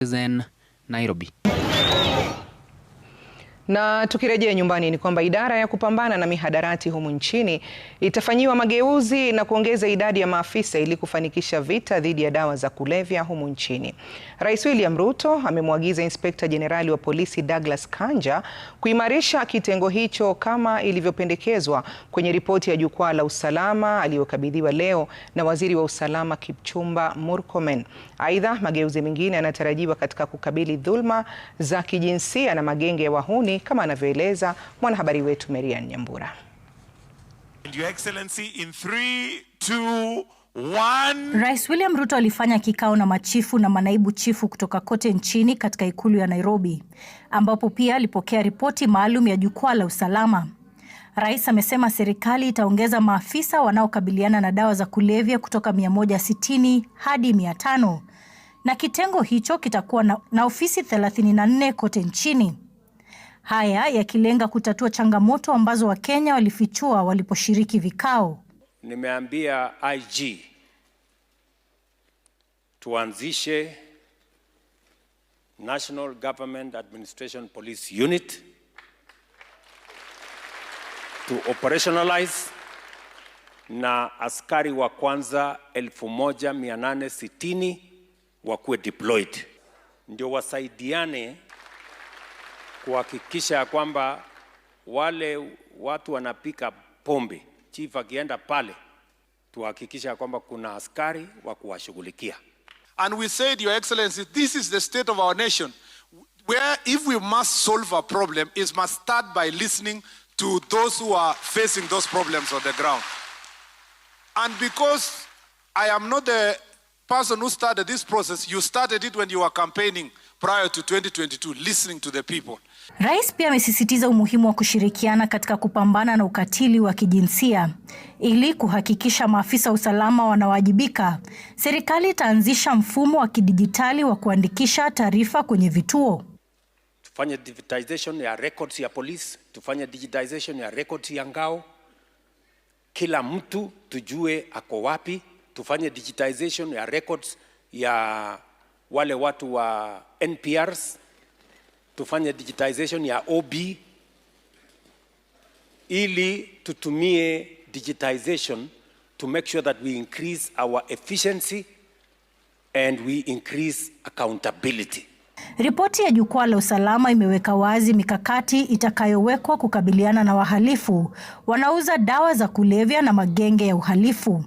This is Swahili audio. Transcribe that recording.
is in Nairobi. Na tukirejea nyumbani ni kwamba idara ya kupambana na mihadarati humu nchini itafanyiwa mageuzi na kuongeza idadi ya maafisa ili kufanikisha vita dhidi ya dawa za kulevya humu nchini. Rais William Ruto amemwagiza Inspekta Jenerali wa Polisi Douglas Kanja kuimarisha kitengo hicho kama ilivyopendekezwa kwenye ripoti ya Jukwaa la Usalama aliyokabidhiwa leo na Waziri wa Usalama Kipchumba Murkomen. Aidha, mageuzi mengine yanatarajiwa katika kukabili dhulma za kijinsia na magenge ya wahuni kama anavyoeleza mwanahabari wetu Marian Nyambura. Rais William Ruto alifanya kikao na machifu na manaibu chifu kutoka kote nchini katika ikulu ya Nairobi, ambapo pia alipokea ripoti maalum ya jukwaa la usalama. Rais amesema serikali itaongeza maafisa wanaokabiliana na dawa za kulevya kutoka 160 hadi 500 na kitengo hicho kitakuwa na, na ofisi 34 kote nchini haya yakilenga kutatua changamoto ambazo Wakenya walifichua waliposhiriki vikao. Nimeambia IG tuanzishe National Government Administration Police Unit to operationalize na askari wa kwanza 1860 wakuwe deployed ndio wasaidiane kuhakikisha ya kwamba wale watu wanapika pombe, chief akienda pale, tuhakikisha kwamba kuna askari wa kuwashughulikia. And we said your excellency, this is the state of our nation where if we must solve a problem it must start by listening to those who are facing those problems on the ground. And because I am not the person who started this process, you started it when you were campaigning prior to 2022 listening to the people. Rais pia amesisitiza umuhimu wa kushirikiana katika kupambana na ukatili wa kijinsia ili kuhakikisha maafisa usalama wanawajibika. Serikali itaanzisha mfumo wa kidijitali wa kuandikisha taarifa kwenye vituo. Tufanye digitization ya records ya polisi, tufanye digitization ya records ya ngao, kila mtu tujue ako wapi, tufanye digitization ya records ya wale watu wa NPRs, tufanye digitization ya OB ili tutumie digitization to make sure that we increase our efficiency and we increase accountability. Ripoti ya Jukwaa la Usalama imeweka wazi mikakati itakayowekwa kukabiliana na wahalifu wanauza dawa za kulevya na magenge ya uhalifu.